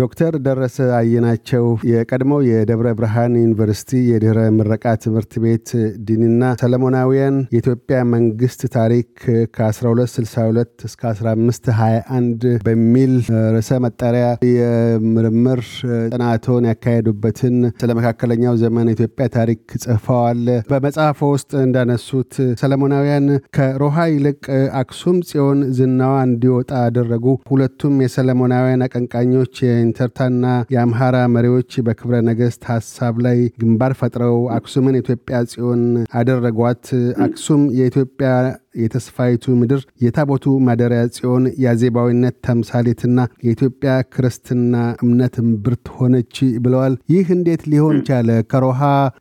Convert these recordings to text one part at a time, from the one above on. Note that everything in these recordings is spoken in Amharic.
ዶክተር ደረሰ አየናቸው የቀድሞው የደብረ ብርሃን ዩኒቨርሲቲ የድረ ምረቃ ትምህርት ቤት ዲንና ሰለሞናውያን የኢትዮጵያ መንግስት ታሪክ ከ1262 እስከ 1521 በሚል ርዕሰ መጠሪያ የምርምር ጥናቶን ያካሄዱበትን ስለ መካከለኛው ዘመን ኢትዮጵያ ታሪክ ጽፈዋል። በመጽሐፎ ውስጥ እንዳነሱት ሰለሞናውያን ከሮሃ ይልቅ አክሱም ጽዮን ዝናዋ እንዲወጣ አደረጉ። ሁለቱም የሰለሞናውያን አቀንቃኞች የኢንተርታና የአምሃራ መሪዎች በክብረ ነገስት ሀሳብ ላይ ግንባር ፈጥረው አክሱምን የኢትዮጵያ ጽዮን አደረጓት። አክሱም የኢትዮጵያ የተስፋይቱ ምድር የታቦቱ ማደሪያ ጽዮን የአዜባዊነት ተምሳሌትና የኢትዮጵያ ክርስትና እምነት እምብርት ሆነች ብለዋል። ይህ እንዴት ሊሆን ቻለ? ከሮሃ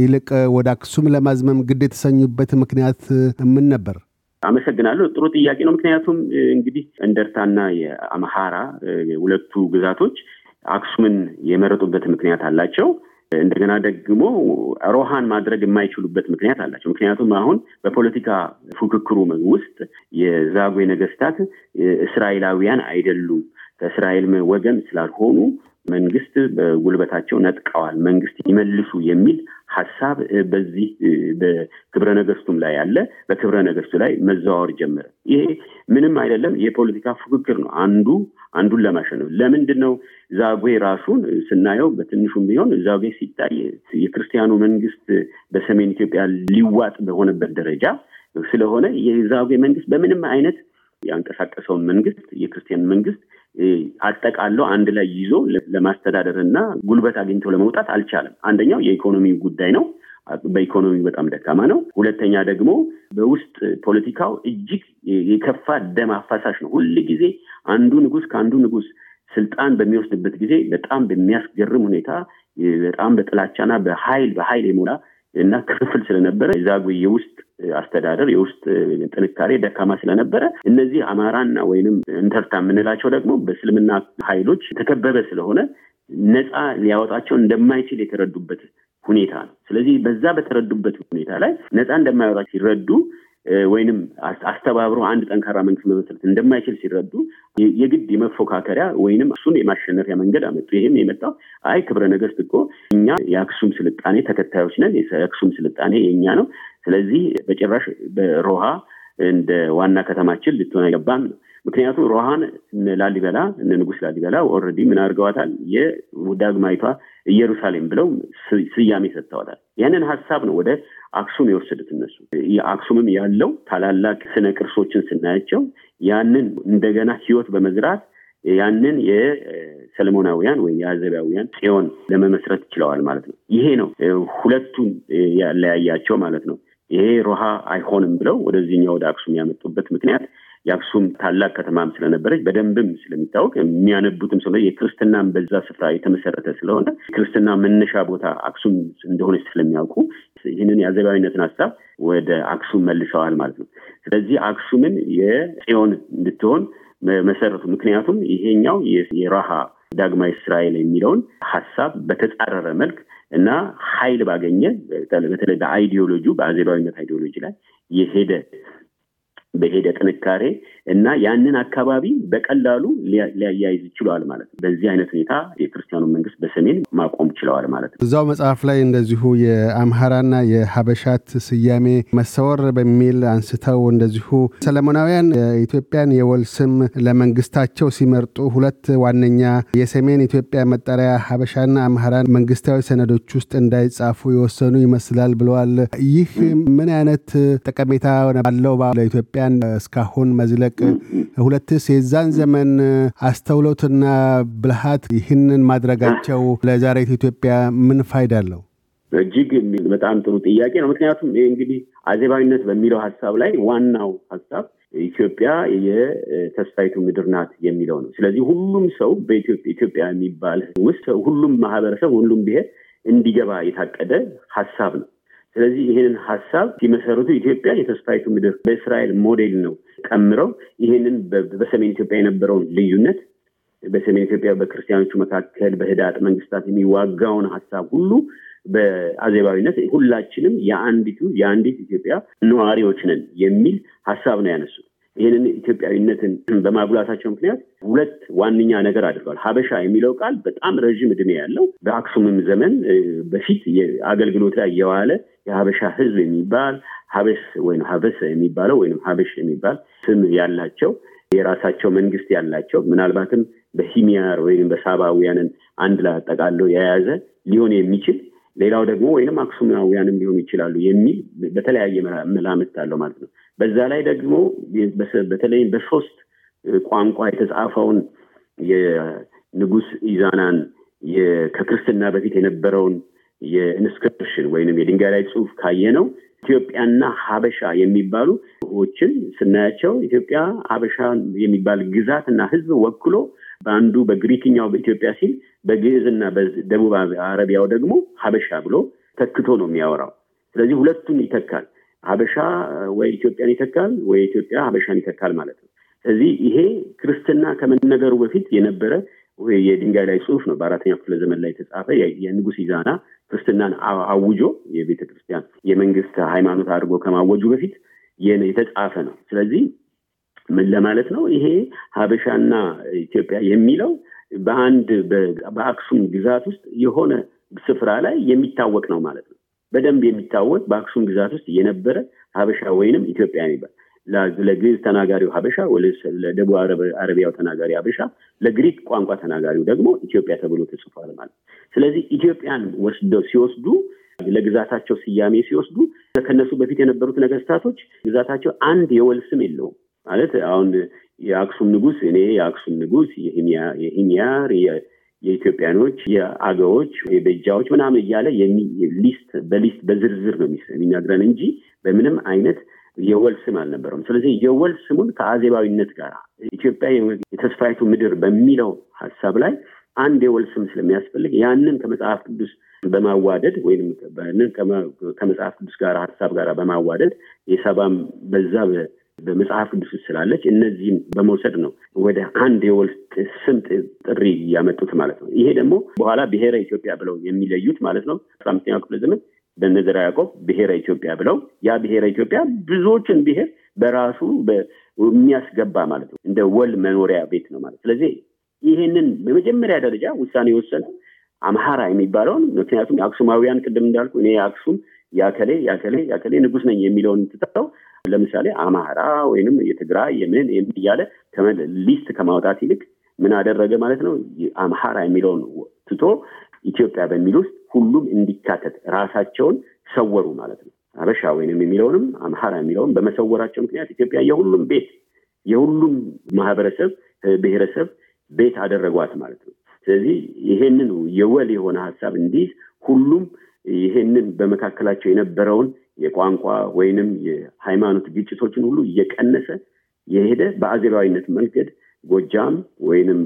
ይልቅ ወደ አክሱም ለማዝመም ግድ የተሰኙበት ምክንያት ምን ነበር? አመሰግናለሁ። ጥሩ ጥያቄ ነው። ምክንያቱም እንግዲህ እንደርታና የአምሃራ ሁለቱ ግዛቶች አክሱምን የመረጡበት ምክንያት አላቸው። እንደገና ደግሞ ሮሃን ማድረግ የማይችሉበት ምክንያት አላቸው። ምክንያቱም አሁን በፖለቲካ ፉክክሩ ውስጥ የዛጉዌ ነገስታት እስራኤላውያን አይደሉም፣ ከእስራኤል ወገን ስላልሆኑ መንግስት በጉልበታቸው ነጥቀዋል፣ መንግስት ይመልሱ የሚል ሀሳብ በዚህ በክብረ ነገስቱም ላይ ያለ በክብረ ነገስቱ ላይ መዘዋወር ጀመረ። ይሄ ምንም አይደለም፣ የፖለቲካ ፉክክር ነው። አንዱ አንዱን ለማሸነፍ ለምንድን ነው ዛጉዌ ራሱን ስናየው በትንሹም ቢሆን ዛጉዌ ሲታይ የክርስቲያኑ መንግስት በሰሜን ኢትዮጵያ ሊዋጥ በሆነበት ደረጃ ስለሆነ የዛጉዌ መንግስት በምንም አይነት ያንቀሳቀሰውን መንግስት የክርስቲያን መንግስት አጠቃለው አንድ ላይ ይዞ ለማስተዳደር እና ጉልበት አግኝቶ ለመውጣት አልቻለም። አንደኛው የኢኮኖሚ ጉዳይ ነው። በኢኮኖሚ በጣም ደካማ ነው። ሁለተኛ ደግሞ በውስጥ ፖለቲካው እጅግ የከፋ ደም አፋሳሽ ነው። ሁል ጊዜ አንዱ ንጉስ ከአንዱ ንጉስ ስልጣን በሚወስድበት ጊዜ በጣም በሚያስገርም ሁኔታ በጣም በጥላቻና በኃይል በኃይል የሞላ እና ክፍል ስለነበረ የዛጉዌ የውስጥ አስተዳደር የውስጥ ጥንካሬ ደካማ ስለነበረ እነዚህ አማራና ወይንም እንተርታ የምንላቸው ደግሞ በእስልምና ኃይሎች የተከበበ ስለሆነ ነፃ ሊያወጣቸው እንደማይችል የተረዱበት ሁኔታ ነው። ስለዚህ በዛ በተረዱበት ሁኔታ ላይ ነፃ እንደማይወጣ ሲረዱ ወይንም አስተባብሮ አንድ ጠንካራ መንግስት መመስረት እንደማይችል ሲረዱ የግድ የመፎካከሪያ ወይንም እሱን የማሸነፊያ መንገድ አመጡ። ይህም የመጣው አይ ክብረ ነገስት እኮ እኛ የአክሱም ስልጣኔ ተከታዮች ነን፣ የአክሱም ስልጣኔ የእኛ ነው፣ ስለዚህ በጭራሽ በሮሃ እንደ ዋና ከተማችን ልትሆን አይገባም። ምክንያቱም ሮሃን ላሊበላ እነ ላሊበላ ኦረዲ ምን አድርገዋታል? የዳግማዊቷ ኢየሩሳሌም ብለው ስያሜ ሰጥተዋታል። ያንን ሀሳብ ነው ወደ አክሱም የወሰዱት እነሱ። የአክሱምም ያለው ታላላቅ ስነ ቅርሶችን ስናያቸው ያንን እንደገና ህይወት በመዝራት ያንን የሰለሞናውያን ወይም የአዘቢያውያን ጽዮን ለመመስረት ችለዋል ማለት ነው። ይሄ ነው ሁለቱን ያለያያቸው ማለት ነው። ይሄ ሮሃ አይሆንም ብለው ወደዚህኛው ወደ አክሱም ያመጡበት ምክንያት የአክሱም ታላቅ ከተማም ስለነበረች በደንብም ስለሚታወቅ የሚያነቡትም ስለ የክርስትናም በዛ ስፍራ የተመሰረተ ስለሆነ ክርስትና መነሻ ቦታ አክሱም እንደሆነ ስለሚያውቁ ይህንን የአዘባዊነትን ሀሳብ ወደ አክሱም መልሰዋል ማለት ነው። ስለዚህ አክሱምን የጽዮን እንድትሆን መሰረቱ። ምክንያቱም ይሄኛው የራሃ ዳግማ እስራኤል የሚለውን ሀሳብ በተጻረረ መልክ እና ኃይል ባገኘ በተለይ በአይዲዮሎጂ በአዜባዊነት አይዲዮሎጂ ላይ የሄደ በሄደ ጥንካሬ እና ያንን አካባቢ በቀላሉ ሊያያይዝ ችለዋል ማለት ነው። በዚህ አይነት ሁኔታ የክርስቲያኑ መንግስት በሰሜን ማቆም ችለዋል ማለት ነው። እዛው መጽሐፍ ላይ እንደዚሁ የአምሃራና የሀበሻት ስያሜ መሰወር በሚል አንስተው እንደዚሁ ሰለሞናውያን የኢትዮጵያን የወል ስም ለመንግስታቸው ሲመርጡ ሁለት ዋነኛ የሰሜን ኢትዮጵያ መጠሪያ ሀበሻና አምሃራን መንግስታዊ ሰነዶች ውስጥ እንዳይጻፉ የወሰኑ ይመስላል ብለዋል። ይህ ምን አይነት ጠቀሜታ አለው ለኢትዮጵያ ኢትዮጵያን እስካሁን መዝለቅ፣ ሁለትስ የዛን ዘመን አስተውሎትና ብልሃት ይህንን ማድረጋቸው ለዛሬቱ ኢትዮጵያ ምን ፋይዳ አለው? እጅግ በጣም ጥሩ ጥያቄ ነው። ምክንያቱም ይህ እንግዲህ አዜባዊነት በሚለው ሀሳብ ላይ ዋናው ሀሳብ ኢትዮጵያ የተስፋይቱ ምድር ናት የሚለው ነው። ስለዚህ ሁሉም ሰው በኢትዮጵያ የሚባል ውስጥ ሁሉም ማህበረሰብ፣ ሁሉም ብሔር እንዲገባ የታቀደ ሀሳብ ነው። ስለዚህ ይህንን ሀሳብ ሲመሰርቱ ኢትዮጵያ የተስፋይቱ ምድር በእስራኤል ሞዴል ነው ቀምረው ይህንን በሰሜን ኢትዮጵያ የነበረውን ልዩነት በሰሜን ኢትዮጵያ በክርስቲያኖቹ መካከል በህዳጥ መንግስታት የሚዋጋውን ሀሳብ ሁሉ በአዜባዊነት ሁላችንም የአንዲቱ የአንዲት ኢትዮጵያ ነዋሪዎች ነን የሚል ሀሳብ ነው ያነሱት። ይህንን ኢትዮጵያዊነትን በማጉላታቸው ምክንያት ሁለት ዋነኛ ነገር አድርገዋል። ሀበሻ የሚለው ቃል በጣም ረዥም እድሜ ያለው በአክሱምም ዘመን በፊት አገልግሎት ላይ የዋለ የሀበሻ ህዝብ የሚባል ሀበስ ወይም ሀበሰ የሚባለው ወይም ሀበሽ የሚባል ስም ያላቸው የራሳቸው መንግስት ያላቸው ምናልባትም በሂሚያር ወይም በሳባውያንን አንድ ላይ አጠቃለው የያዘ ሊሆን የሚችል ሌላው ደግሞ ወይም አክሱማውያንም ሊሆኑ ይችላሉ የሚል በተለያየ መላምት አለው ማለት ነው። በዛ ላይ ደግሞ በተለይም በሶስት ቋንቋ የተጻፈውን የንጉስ ኢዛናን ከክርስትና በፊት የነበረውን የኢንስክሪፕሽን ወይንም የድንጋይ ላይ ጽሁፍ ካየ ነው ኢትዮጵያና ሀበሻ የሚባሉ ችን ስናያቸው ኢትዮጵያ ሀበሻ የሚባል ግዛት እና ህዝብ ወክሎ በአንዱ በግሪክኛው በኢትዮጵያ ሲል በግዕዝና በደቡብ አረቢያው ደግሞ ሀበሻ ብሎ ተክቶ ነው የሚያወራው። ስለዚህ ሁለቱን ይተካል። ሀበሻ ወይ ኢትዮጵያን ይተካል ወይ ኢትዮጵያ ሀበሻን ይተካል ማለት ነው። ስለዚህ ይሄ ክርስትና ከመነገሩ በፊት የነበረ የድንጋይ ላይ ጽሁፍ ነው። በአራተኛው ክፍለ ዘመን ላይ የተጻፈ የንጉስ ይዛና። ክርስትናን አውጆ የቤተ ክርስቲያን የመንግስት ሃይማኖት አድርጎ ከማወጁ በፊት የተጻፈ ነው። ስለዚህ ምን ለማለት ነው? ይሄ ሀበሻና ኢትዮጵያ የሚለው በአንድ በአክሱም ግዛት ውስጥ የሆነ ስፍራ ላይ የሚታወቅ ነው ማለት ነው። በደንብ የሚታወቅ በአክሱም ግዛት ውስጥ የነበረ ሀበሻ ወይንም ኢትዮጵያ የሚባል ለግዕዝ ተናጋሪው ሀበሻ ለደቡብ አረቢያው ተናጋሪ ሀበሻ ለግሪክ ቋንቋ ተናጋሪው ደግሞ ኢትዮጵያ ተብሎ ተጽፏል ማለት ስለዚህ ኢትዮጵያን ወስደው ሲወስዱ ለግዛታቸው ስያሜ ሲወስዱ ከነሱ በፊት የነበሩት ነገስታቶች ግዛታቸው አንድ የወል ስም የለውም ማለት አሁን የአክሱም ንጉስ እኔ የአክሱም ንጉስ የሂኒያር የኢትዮጵያኖች የአገዎች የበጃዎች ምናምን እያለ ሊስት በሊስት በዝርዝር ነው የሚነግረን እንጂ በምንም አይነት የወል ስም አልነበረም ስለዚህ የወል ስሙን ከአዜባዊነት ጋር ኢትዮጵያ የተስፋይቱ ምድር በሚለው ሀሳብ ላይ አንድ የወል ስም ስለሚያስፈልግ ያንን ከመጽሐፍ ቅዱስ በማዋደድ ወይም ከመጽሐፍ ቅዱስ ጋር ሀሳብ ጋር በማዋደድ የሰባም በዛ በመጽሐፍ ቅዱስ ስላለች እነዚህም በመውሰድ ነው ወደ አንድ የወል ስም ጥሪ ያመጡት ማለት ነው። ይሄ ደግሞ በኋላ ብሔረ ኢትዮጵያ ብለው የሚለዩት ማለት ነው አስራ አምስተኛው ክፍለ ዘመን በምድረ ያዕቆብ ብሔረ ኢትዮጵያ ብለው ያ ብሔረ ኢትዮጵያ ብዙዎችን ብሔር በራሱ የሚያስገባ ማለት ነው። እንደ ወል መኖሪያ ቤት ነው ማለት ስለዚህ ይህንን በመጀመሪያ ደረጃ ውሳኔ የወሰነ አምሃራ የሚባለውን ምክንያቱም አክሱማዊያን ቅድም እንዳልኩ እኔ አክሱም ያከሌ ያከሌ ያከሌ ንጉስ ነኝ የሚለውን ትተው ለምሳሌ አማራ ወይንም የትግራይ የምን እያለ ሊስት ከማውጣት ይልቅ ምን አደረገ ማለት ነው አምሃራ የሚለውን ትቶ ኢትዮጵያ በሚል ውስጥ ሁሉም እንዲካተት ራሳቸውን ሰወሩ ማለት ነው። አበሻ ወይንም የሚለውንም አምሃራ የሚለውን በመሰወራቸው ምክንያት ኢትዮጵያ የሁሉም ቤት የሁሉም ማህበረሰብ ብሔረሰብ ቤት አደረጓት ማለት ነው። ስለዚህ ይሄንን የወል የሆነ ሀሳብ እንዲህ ሁሉም ይሄንን በመካከላቸው የነበረውን የቋንቋ ወይንም የሃይማኖት ግጭቶችን ሁሉ እየቀነሰ የሄደ በአዜባዊነት መንገድ ጎጃም ወይንም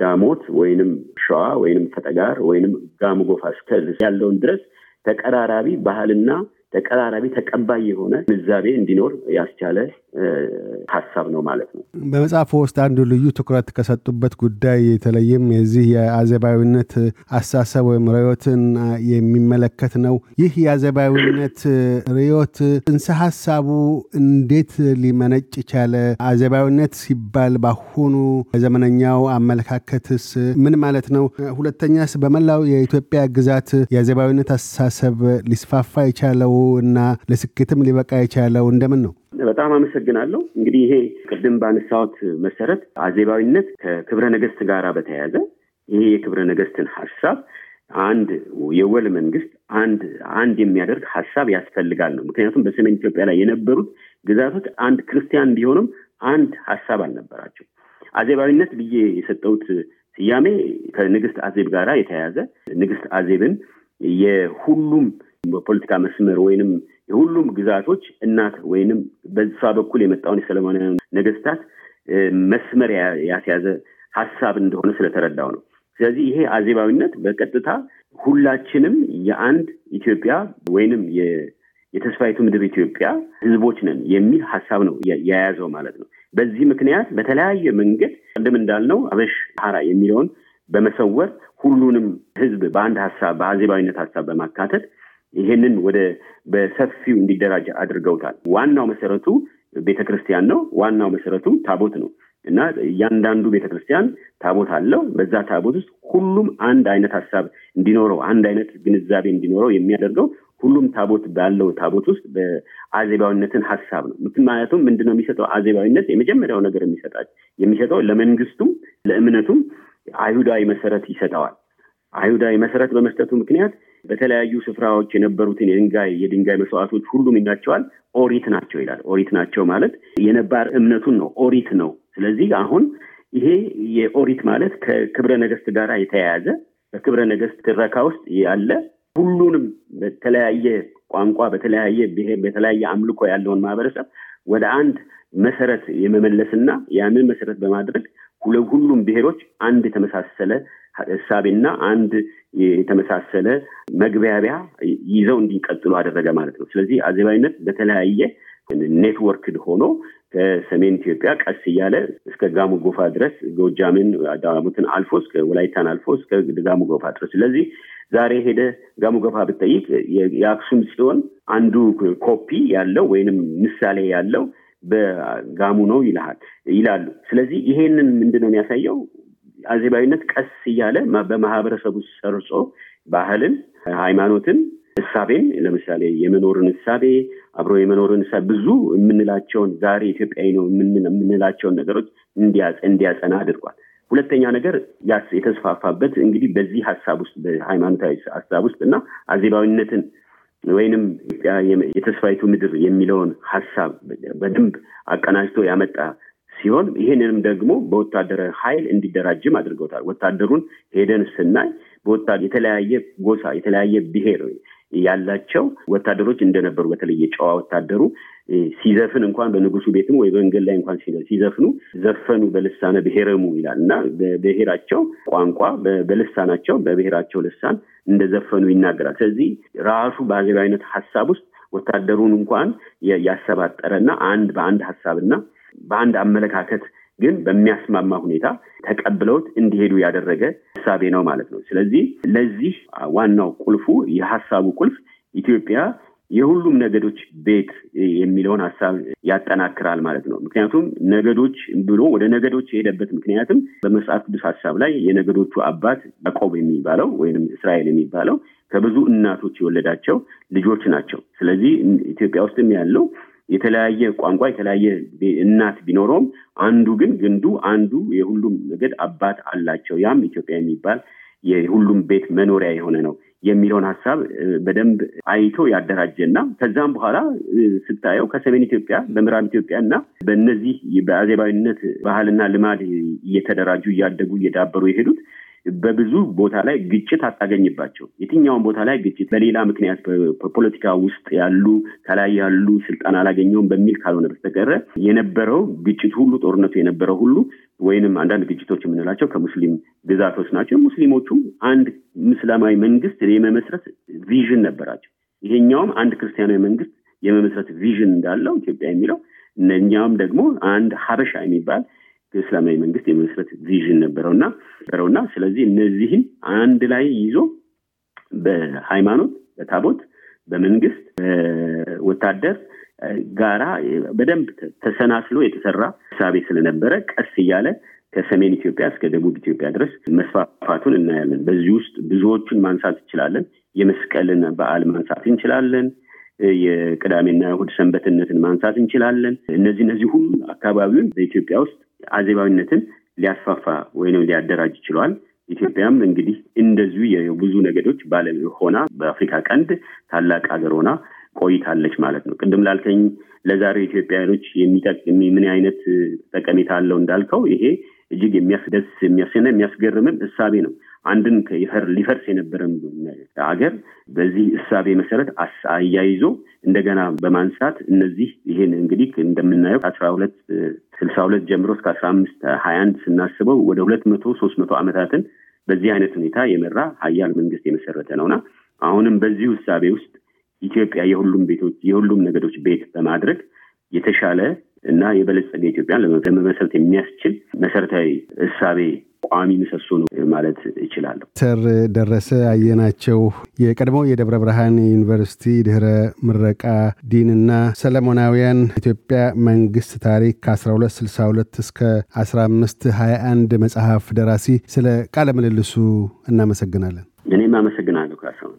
ዳሞት ወይንም ሸዋ ወይንም ፈጠጋር ወይንም ጋምጎፋ ጎፋ እስከ ያለውን ድረስ ተቀራራቢ ባህልና ተቀራራቢ ተቀባይ የሆነ ግንዛቤ እንዲኖር ያስቻለ ሀሳብ ነው ማለት ነው። በመጽሐፉ ውስጥ አንዱ ልዩ ትኩረት ከሰጡበት ጉዳይ የተለይም የዚህ የአዘባዊነት አሳሰብ ወይም ርዕዮትን የሚመለከት ነው። ይህ የአዘባዊነት ርዕዮት ጽንሰ ሀሳቡ እንዴት ሊመነጭ ቻለ? አዘባዊነት ሲባል ባሁኑ ዘመነኛው አመለካከትስ ምን ማለት ነው? ሁለተኛስ በመላው የኢትዮጵያ ግዛት የአዘባዊነት አስተሳሰብ ሊስፋፋ የቻለው እና ለስኬትም ሊበቃ የቻለው እንደምን ነው? በጣም አመሰግናለሁ። እንግዲህ ይሄ ቅድም ባነሳሁት መሰረት አዜባዊነት ከክብረ ነገስት ጋር በተያያዘ ይሄ የክብረ ነገስትን ሀሳብ አንድ የወል መንግስት አንድ አንድ የሚያደርግ ሀሳብ ያስፈልጋል ነው። ምክንያቱም በሰሜን ኢትዮጵያ ላይ የነበሩት ግዛቶች አንድ ክርስቲያን ቢሆኑም አንድ ሀሳብ አልነበራቸው። አዜባዊነት ብዬ የሰጠሁት ስያሜ ከንግስት አዜብ ጋር የተያያዘ ንግስት አዜብን የሁሉም በፖለቲካ መስመር ወይንም የሁሉም ግዛቶች እናት ወይንም በዛ በኩል የመጣውን የሰለሞናውያን ነገስታት መስመር ያስያዘ ሀሳብ እንደሆነ ስለተረዳው ነው። ስለዚህ ይሄ አዜባዊነት በቀጥታ ሁላችንም የአንድ ኢትዮጵያ ወይንም የተስፋይቱ ምድር ኢትዮጵያ ህዝቦች ነን የሚል ሀሳብ ነው የያዘው ማለት ነው። በዚህ ምክንያት በተለያየ መንገድ ቅድም እንዳልነው አበሽ ሀራ የሚለውን በመሰወር ሁሉንም ህዝብ በአንድ ሀሳብ በአዜባዊነት ሀሳብ በማካተት ይሄንን ወደ በሰፊው እንዲደራጅ አድርገውታል። ዋናው መሰረቱ ቤተክርስቲያን ነው። ዋናው መሰረቱ ታቦት ነው እና እያንዳንዱ ቤተክርስቲያን ታቦት አለው። በዛ ታቦት ውስጥ ሁሉም አንድ አይነት ሀሳብ እንዲኖረው፣ አንድ አይነት ግንዛቤ እንዲኖረው የሚያደርገው ሁሉም ታቦት ባለው ታቦት ውስጥ በአዜባዊነትን ሀሳብ ነው። ምክንያቱም ምንድነው የሚሰጠው አዜባዊነት የመጀመሪያው ነገር የሚሰጠው ለመንግስቱም ለእምነቱም አይሁዳዊ መሰረት ይሰጠዋል። አይሁዳዊ መሰረት በመስጠቱ ምክንያት በተለያዩ ስፍራዎች የነበሩትን የድንጋይ የድንጋይ መስዋዕቶች ሁሉም ይናቸዋል ኦሪት ናቸው ይላል። ኦሪት ናቸው ማለት የነባር እምነቱን ነው። ኦሪት ነው። ስለዚህ አሁን ይሄ የኦሪት ማለት ከክብረ ነገስት ጋር የተያያዘ በክብረ ነገስት ትረካ ውስጥ ያለ ሁሉንም በተለያየ ቋንቋ በተለያየ ብሄር በተለያየ አምልኮ ያለውን ማህበረሰብ ወደ አንድ መሰረት የመመለስና ያንን መሰረት በማድረግ ሁሉም ብሄሮች አንድ የተመሳሰለ እሳቤና አንድ የተመሳሰለ መግቢያቢያ ይዘው እንዲቀጥሉ አደረገ ማለት ነው። ስለዚህ አዜባዊነት በተለያየ ኔትወርክድ ሆኖ ከሰሜን ኢትዮጵያ ቀስ እያለ እስከ ጋሞ ጎፋ ድረስ ጎጃምን፣ ዳሞትን አልፎ እስከ ወላይታን አልፎ እስከ ጋሞ ጎፋ ድረስ ስለዚህ ዛሬ ሄደ ጋሞ ጎፋ ብጠይቅ የአክሱም ሲሆን አንዱ ኮፒ ያለው ወይንም ምሳሌ ያለው በጋሙ ነው ይልሃል ይላሉ። ስለዚህ ይሄንን ምንድን ነው የሚያሳየው? አዜባዊነት ቀስ እያለ በማህበረሰቡ ሰርጾ ባህልን፣ ሃይማኖትን፣ እሳቤን ለምሳሌ የመኖርን እሳቤ አብሮ የመኖርን እሳ ብዙ የምንላቸውን ዛሬ ኢትዮጵያዊ ነው የምንላቸውን ነገሮች እንዲያጸና አድርጓል። ሁለተኛ ነገር የተስፋፋበት እንግዲህ በዚህ ሀሳብ ውስጥ በሃይማኖታዊ ሀሳብ ውስጥ እና አዜባዊነትን ወይንም ኢትዮጵያ የተስፋይቱ ምድር የሚለውን ሀሳብ በደንብ አቀናጅቶ ያመጣ ሲሆን ይህንንም ደግሞ በወታደራዊ ኃይል እንዲደራጅም አድርገውታል። ወታደሩን ሄደን ስናይ የተለያየ ጎሳ፣ የተለያየ ብሄር ያላቸው ወታደሮች እንደነበሩ በተለየ ጨዋ ወታደሩ ሲዘፍን እንኳን በንጉሱ ቤትም ወይ መንገድ ላይ እንኳን ሲዘፍኑ ዘፈኑ በልሳነ ብሄረሙ ይላል እና በብሄራቸው ቋንቋ በልሳናቸው በብሄራቸው ልሳን እንደዘፈኑ ይናገራል። ስለዚህ ራሱ አይነት ሀሳብ ውስጥ ወታደሩን እንኳን ያሰባጠረና አንድ በአንድ ሀሳብና በአንድ አመለካከት ግን በሚያስማማ ሁኔታ ተቀብለውት እንዲሄዱ ያደረገ ሀሳቤ ነው ማለት ነው። ስለዚህ ለዚህ ዋናው ቁልፉ የሀሳቡ ቁልፍ ኢትዮጵያ የሁሉም ነገዶች ቤት የሚለውን ሀሳብ ያጠናክራል ማለት ነው። ምክንያቱም ነገዶች ብሎ ወደ ነገዶች የሄደበት ምክንያትም በመጽሐፍ ቅዱስ ሀሳብ ላይ የነገዶቹ አባት ያዕቆብ የሚባለው ወይም እስራኤል የሚባለው ከብዙ እናቶች የወለዳቸው ልጆች ናቸው። ስለዚህ ኢትዮጵያ ውስጥም ያለው የተለያየ ቋንቋ የተለያየ እናት ቢኖረውም አንዱ ግን ግንዱ አንዱ የሁሉም ነገድ አባት አላቸው። ያም ኢትዮጵያ የሚባል የሁሉም ቤት መኖሪያ የሆነ ነው የሚለውን ሀሳብ በደንብ አይቶ ያደራጀ እና ከዛም በኋላ ስታየው ከሰሜን ኢትዮጵያ በምዕራብ ኢትዮጵያ እና በእነዚህ በአዜባዊነት ባህልና ልማድ እየተደራጁ እያደጉ እየዳበሩ የሄዱት በብዙ ቦታ ላይ ግጭት አታገኝባቸው። የትኛውን ቦታ ላይ ግጭት በሌላ ምክንያት በፖለቲካ ውስጥ ያሉ ከላይ ያሉ ስልጣን አላገኘውም በሚል ካልሆነ በስተቀረ የነበረው ግጭት ሁሉ ጦርነቱ የነበረው ሁሉ ወይንም አንዳንድ ግጭቶች የምንላቸው ከሙስሊም ግዛቶች ናቸው። ሙስሊሞቹም አንድ ምስላማዊ መንግስት የመመስረት ቪዥን ነበራቸው። ይሄኛውም አንድ ክርስቲያናዊ መንግስት የመመስረት ቪዥን እንዳለው ኢትዮጵያ የሚለው እነኛውም ደግሞ አንድ ሀበሻ የሚባል የእስላማዊ መንግስት የመስረት ቪዥን ነበረውና ነበረውና ስለዚህ እነዚህን አንድ ላይ ይዞ በሃይማኖት፣ በታቦት፣ በመንግስት፣ በወታደር ጋራ በደንብ ተሰናስሎ የተሰራ ሳቤ ስለነበረ ቀስ እያለ ከሰሜን ኢትዮጵያ እስከ ደቡብ ኢትዮጵያ ድረስ መስፋፋቱን እናያለን። በዚህ ውስጥ ብዙዎቹን ማንሳት እንችላለን። የመስቀልን በዓል ማንሳት እንችላለን። የቅዳሜና እሁድ ሰንበትነትን ማንሳት እንችላለን። እነዚህ እነዚህ ሁሉ አካባቢውን በኢትዮጵያ ውስጥ አዜባዊነትን ሊያስፋፋ ወይም ሊያደራጅ ችሏል። ኢትዮጵያም እንግዲህ እንደዚሁ የብዙ ነገዶች ባለ ሆና በአፍሪካ ቀንድ ታላቅ ሀገር ሆና ቆይታለች ማለት ነው። ቅድም ላልከኝ ለዛሬው ኢትዮጵያውያኖች ምን አይነት ጠቀሜታ አለው እንዳልከው ይሄ እጅግ የሚያስደስ የሚያስና የሚያስገርምም እሳቤ ነው። አንድን ሊፈርስ የነበረን ሀገር በዚህ እሳቤ መሰረት አያይዞ እንደገና በማንሳት እነዚህ ይህን እንግዲህ እንደምናየው ከአስራ ሁለት ስልሳ ሁለት ጀምሮ እስከ አስራ አምስት ሀያ አንድ ስናስበው ወደ ሁለት መቶ ሶስት መቶ ዓመታትን በዚህ አይነት ሁኔታ የመራ ሀያል መንግስት የመሰረተ ነውና አሁንም በዚህ እሳቤ ውስጥ ኢትዮጵያ የሁሉም ቤቶች የሁሉም ነገዶች ቤት በማድረግ የተሻለ እና የበለጸገ ኢትዮጵያን ለመመሰረት የሚያስችል መሰረታዊ እሳቤ ቋሚ ምሰሶ ነው ማለት እችላለሁ። ተር ደረሰ አየናቸው የቀድሞው የደብረ ብርሃን ዩኒቨርሲቲ ድህረ ምረቃ ዲንና ሰለሞናውያን ኢትዮጵያ መንግስት ታሪክ ከ1262 እስከ 1521 መጽሐፍ ደራሲ፣ ስለ ቃለ ምልልሱ እናመሰግናለን። እኔም አመሰግናለሁ ካሳሁን።